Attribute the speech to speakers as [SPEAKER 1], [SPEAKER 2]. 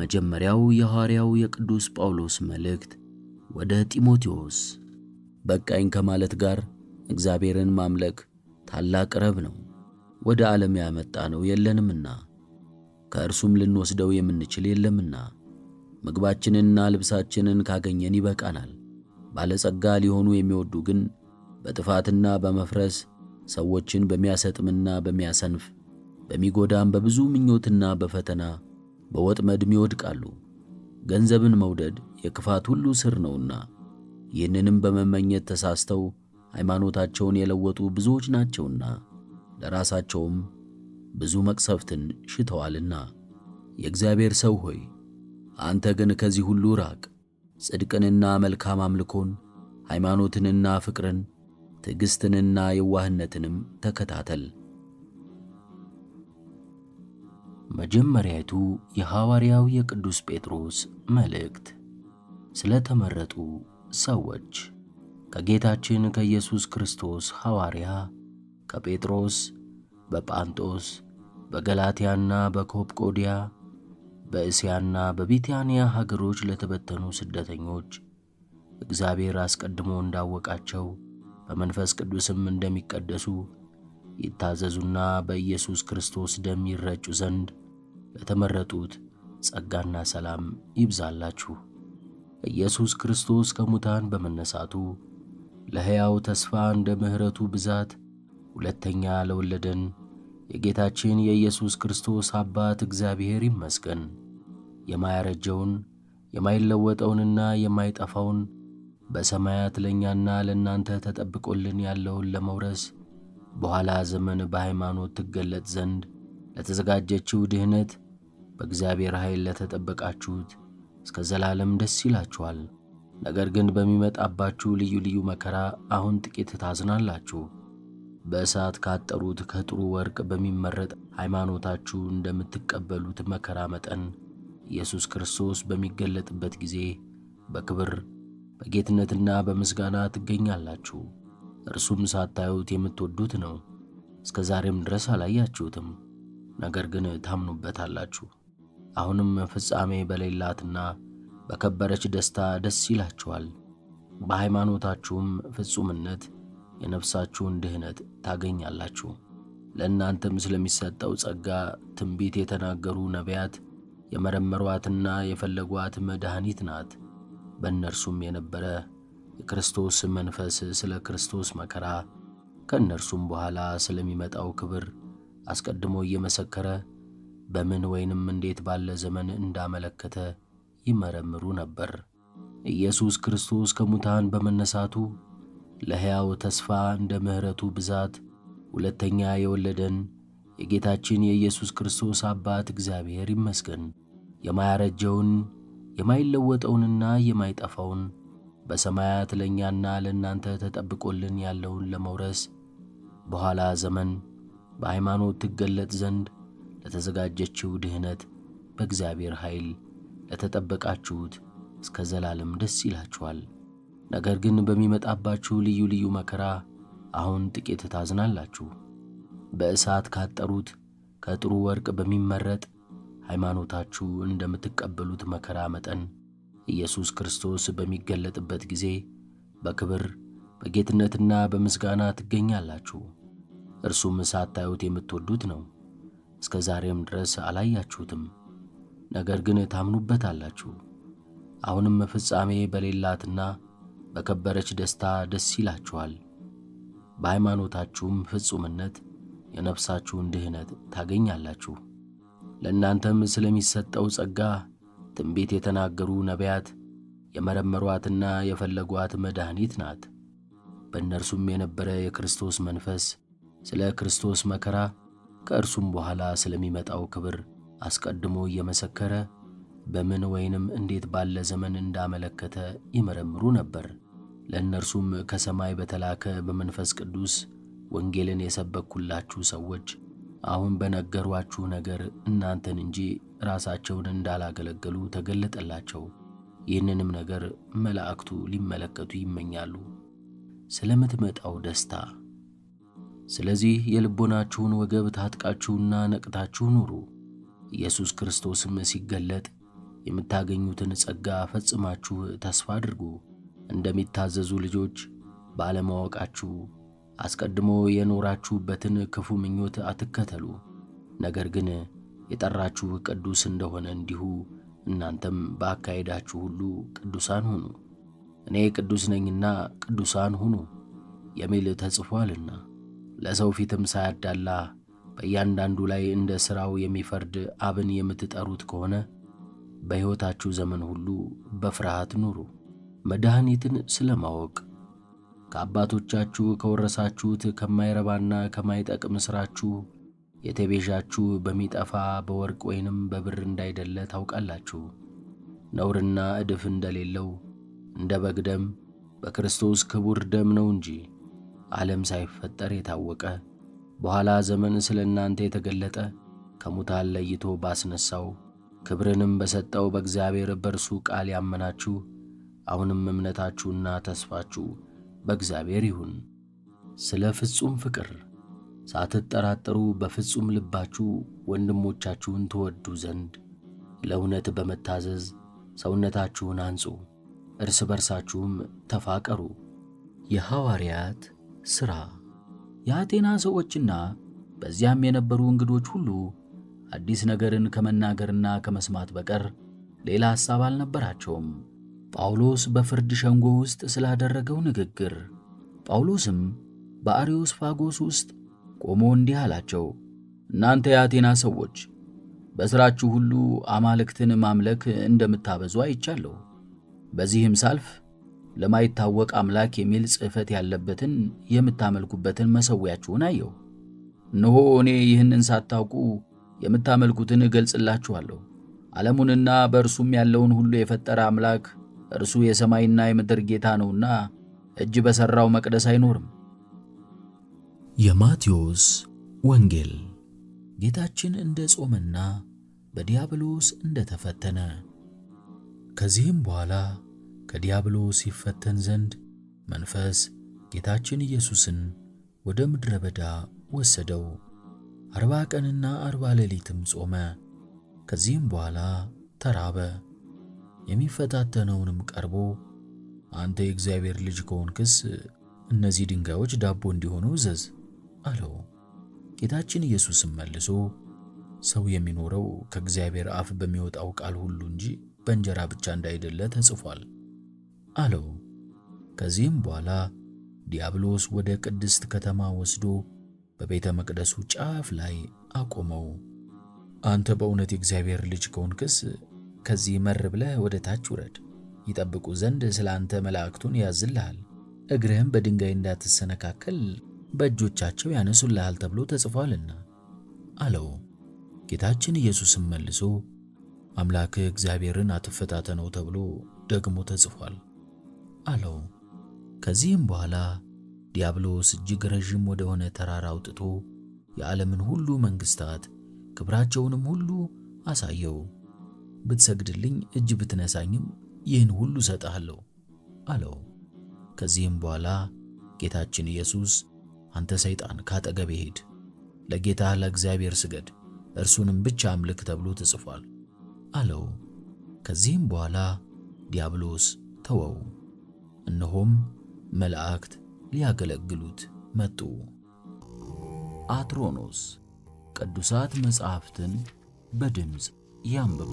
[SPEAKER 1] መጀመሪያው የሐዋርያው የቅዱስ ጳውሎስ መልእክት ወደ ጢሞቴዎስ። በቃኝ ከማለት ጋር እግዚአብሔርን ማምለክ ታላቅ ረብ ነው። ወደ ዓለም ያመጣ ነው የለንምና ከእርሱም ልንወስደው የምንችል የለምና ምግባችንንና ልብሳችንን ካገኘን ይበቃናል። ባለጸጋ ሊሆኑ የሚወዱ ግን በጥፋትና በመፍረስ ሰዎችን በሚያሰጥምና በሚያሰንፍ በሚጎዳም በብዙ ምኞትና በፈተና በወጥመድም ይወድቃሉ። ገንዘብን መውደድ የክፋት ሁሉ ስር ነውና ይህንንም በመመኘት ተሳስተው ሃይማኖታቸውን የለወጡ ብዙዎች ናቸውና ለራሳቸውም ብዙ መቅሰፍትን ሽተዋልና። የእግዚአብሔር ሰው ሆይ አንተ ግን ከዚህ ሁሉ ራቅ። ጽድቅንና መልካም አምልኮን፣ ሃይማኖትንና ፍቅርን፣ ትዕግሥትንና የዋህነትንም ተከታተል። መጀመሪያይቱ የሐዋርያው የቅዱስ ጴጥሮስ መልእክት ስለ ተመረጡ ሰዎች ከጌታችን ከኢየሱስ ክርስቶስ ሐዋርያ ከጴጥሮስ በጳንጦስ በገላትያና በኮፕቆዲያ በእስያና በቢታንያ ሀገሮች ለተበተኑ ስደተኞች እግዚአብሔር አስቀድሞ እንዳወቃቸው በመንፈስ ቅዱስም እንደሚቀደሱ ይታዘዙና በኢየሱስ ክርስቶስ ደም ይረጩ ዘንድ ለተመረጡት ጸጋና ሰላም ይብዛላችሁ። ኢየሱስ ክርስቶስ ከሙታን በመነሳቱ ለሕያው ተስፋ እንደ ምሕረቱ ብዛት ሁለተኛ ለወለደን የጌታችን የኢየሱስ ክርስቶስ አባት እግዚአብሔር ይመስገን። የማያረጀውን የማይለወጠውንና የማይጠፋውን በሰማያት ለእኛና ለእናንተ ተጠብቆልን ያለውን ለመውረስ በኋላ ዘመን በሃይማኖት ትገለጥ ዘንድ ለተዘጋጀችው ድኅነት በእግዚአብሔር ኃይል ለተጠበቃችሁት እስከ ዘላለም ደስ ይላችኋል። ነገር ግን በሚመጣባችሁ ልዩ ልዩ መከራ አሁን ጥቂት ታዝናላችሁ። በእሳት ካጠሩት ከጥሩ ወርቅ በሚመረጥ ሃይማኖታችሁ እንደምትቀበሉት መከራ መጠን ኢየሱስ ክርስቶስ በሚገለጥበት ጊዜ በክብር በጌትነትና በምስጋና ትገኛላችሁ። እርሱም ሳታዩት የምትወዱት ነው፣ እስከ ዛሬም ድረስ አላያችሁትም፣ ነገር ግን ታምኑበታላችሁ። አሁንም ፍጻሜ በሌላትና በከበረች ደስታ ደስ ይላችኋል። በሃይማኖታችሁም ፍጹምነት የነፍሳችሁን ድህነት ታገኛላችሁ። ለእናንተም ስለሚሰጠው ጸጋ ትንቢት የተናገሩ ነቢያት የመረመሯትና የፈለጓት መድኃኒት ናት። በእነርሱም የነበረ የክርስቶስ መንፈስ ስለ ክርስቶስ መከራ ከእነርሱም በኋላ ስለሚመጣው ክብር አስቀድሞ እየመሰከረ በምን ወይንም እንዴት ባለ ዘመን እንዳመለከተ ይመረምሩ ነበር። ኢየሱስ ክርስቶስ ከሙታን በመነሳቱ ለሕያው ተስፋ እንደ ምሕረቱ ብዛት ሁለተኛ የወለደን የጌታችን የኢየሱስ ክርስቶስ አባት እግዚአብሔር ይመስገን። የማያረጀውን የማይለወጠውንና የማይጠፋውን በሰማያት ለእኛና ለእናንተ ተጠብቆልን ያለውን ለመውረስ በኋላ ዘመን በሃይማኖት ትገለጥ ዘንድ ለተዘጋጀችው ድህነት በእግዚአብሔር ኃይል ለተጠበቃችሁት እስከ ዘላለም ደስ ይላችኋል። ነገር ግን በሚመጣባችሁ ልዩ ልዩ መከራ አሁን ጥቂት ታዝናላችሁ። በእሳት ካጠሩት ከጥሩ ወርቅ በሚመረጥ ሃይማኖታችሁ እንደምትቀበሉት መከራ መጠን ኢየሱስ ክርስቶስ በሚገለጥበት ጊዜ በክብር በጌትነትና በምስጋና ትገኛላችሁ። እርሱም ሳታዩት የምትወዱት ነው። እስከ ዛሬም ድረስ አላያችሁትም፣ ነገር ግን ታምኑበታላችሁ! አሁንም ፍጻሜ በሌላትና በከበረች ደስታ ደስ ይላችኋል። በሃይማኖታችሁም ፍጹምነት የነፍሳችሁን ድህነት ታገኛላችሁ። ለእናንተም ስለሚሰጠው ጸጋ ትንቢት የተናገሩ ነቢያት የመረመሯትና የፈለጓት መድኃኒት ናት። በእነርሱም የነበረ የክርስቶስ መንፈስ ስለ ክርስቶስ መከራ ከእርሱም በኋላ ስለሚመጣው ክብር አስቀድሞ እየመሰከረ በምን ወይንም እንዴት ባለ ዘመን እንዳመለከተ ይመረምሩ ነበር። ለእነርሱም ከሰማይ በተላከ በመንፈስ ቅዱስ ወንጌልን የሰበኩላችሁ ሰዎች አሁን በነገሯችሁ ነገር እናንተን እንጂ ራሳቸውን እንዳላገለገሉ ተገለጠላቸው። ይህንንም ነገር መላእክቱ ሊመለከቱ ይመኛሉ። ስለምትመጣው ደስታ ስለዚህ የልቦናችሁን ወገብ ታጥቃችሁና ነቅታችሁ ኑሩ። ኢየሱስ ክርስቶስም ሲገለጥ የምታገኙትን ጸጋ ፈጽማችሁ ተስፋ አድርጉ። እንደሚታዘዙ ልጆች ባለማወቃችሁ አስቀድሞ የኖራችሁበትን ክፉ ምኞት አትከተሉ። ነገር ግን የጠራችሁ ቅዱስ እንደሆነ እንዲሁ እናንተም በአካሄዳችሁ ሁሉ ቅዱሳን ሁኑ። እኔ ቅዱስ ነኝና ቅዱሳን ሁኑ የሚል ተጽፏልና። ለሰው ፊትም ሳያዳላ በእያንዳንዱ ላይ እንደ ሥራው የሚፈርድ አብን የምትጠሩት ከሆነ በሕይወታችሁ ዘመን ሁሉ በፍርሃት ኑሩ። መድኃኒትን ስለ ማወቅ ከአባቶቻችሁ ከወረሳችሁት ከማይረባና ከማይጠቅም ሥራችሁ የተቤዣችሁ በሚጠፋ በወርቅ ወይንም በብር እንዳይደለ ታውቃላችሁ። ነውርና ዕድፍ እንደሌለው እንደ በግ ደም በክርስቶስ ክቡር ደም ነው እንጂ ዓለም ሳይፈጠር የታወቀ በኋላ ዘመን ስለ እናንተ የተገለጠ ከሙታን ለይቶ ባስነሳው ክብርንም በሰጠው በእግዚአብሔር በእርሱ ቃል ያመናችሁ አሁንም እምነታችሁና ተስፋችሁ በእግዚአብሔር ይሁን። ስለ ፍጹም ፍቅር ሳትጠራጠሩ በፍጹም ልባችሁ ወንድሞቻችሁን ትወዱ ዘንድ ለእውነት በመታዘዝ ሰውነታችሁን አንጹ፣ እርስ በርሳችሁም ተፋቀሩ። የሐዋርያት ሥራ። የአቴና ሰዎችና በዚያም የነበሩ እንግዶች ሁሉ አዲስ ነገርን ከመናገርና ከመስማት በቀር ሌላ ሐሳብ አልነበራቸውም። ጳውሎስ በፍርድ ሸንጎ ውስጥ ስላደረገው ንግግር። ጳውሎስም ፋጎስ ውስጥ ቆሞ እንዲህ አላቸው፣ እናንተ የአቴና ሰዎች በሥራችሁ ሁሉ አማልክትን ማምለክ እንደምታበዙ አይቻለሁ። በዚህም ሳልፍ ለማይታወቅ አምላክ የሚል ጽሕፈት ያለበትን የምታመልኩበትን መሠዊያችሁን አየሁ። እነሆ እኔ ይህንን ሳታውቁ የምታመልኩትን እገልጽላችኋለሁ። ዓለሙንና በእርሱም ያለውን ሁሉ የፈጠረ አምላክ እርሱ የሰማይና የምድር ጌታ ነውና እጅ በሠራው መቅደስ አይኖርም።
[SPEAKER 2] የማቴዎስ ወንጌል ጌታችን እንደ ጾመና በዲያብሎስ እንደ ተፈተነ ከዚህም በኋላ ከዲያብሎስ ይፈተን ዘንድ መንፈስ ጌታችን ኢየሱስን ወደ ምድረ በዳ ወሰደው። አርባ ቀንና አርባ ሌሊትም ጾመ። ከዚህም በኋላ ተራበ። የሚፈታተነውንም ቀርቦ አንተ የእግዚአብሔር ልጅ ከሆንክስ እነዚህ ድንጋዮች ዳቦ እንዲሆኑ እዘዝ አለው። ጌታችን ኢየሱስም መልሶ ሰው የሚኖረው ከእግዚአብሔር አፍ በሚወጣው ቃል ሁሉ እንጂ በእንጀራ ብቻ እንዳይደለ ተጽፏል አለው። ከዚህም በኋላ ዲያብሎስ ወደ ቅድስት ከተማ ወስዶ በቤተ መቅደሱ ጫፍ ላይ አቆመው። አንተ በእውነት የእግዚአብሔር ልጅ ከሆንክስ ከዚህ መር ብለህ ወደ ታች ውረድ፣ ይጠብቁ ዘንድ ስለ አንተ መላእክቱን ያዝልሃል፣ እግርህም በድንጋይ እንዳትሰነካከል በእጆቻቸው ያነሱልሃል ተብሎ ተጽፏልና አለው። ጌታችን ኢየሱስም መልሶ አምላክህ እግዚአብሔርን አትፈታተነው ተብሎ ደግሞ ተጽፏል አለው። ከዚህም በኋላ ዲያብሎስ እጅግ ረዥም ወደ ሆነ ተራራ አውጥቶ የዓለምን ሁሉ መንግሥታት ክብራቸውንም ሁሉ አሳየው። ብትሰግድልኝ እጅ ብትነሳኝም ይህን ሁሉ እሰጥሃለሁ አለው። ከዚህም በኋላ ጌታችን ኢየሱስ አንተ ሰይጣን ካጠገቤ ሂድ፣ ለጌታ ለእግዚአብሔር ስገድ፣ እርሱንም ብቻ አምልክ ተብሎ ተጽፏል አለው። ከዚህም በኋላ ዲያብሎስ ተወው። እነሆም መላእክት ሊያገለግሉት መጡ።
[SPEAKER 3] አትሮኖስ ቅዱሳት መጻሕፍትን በድምፅ ያንብቡ።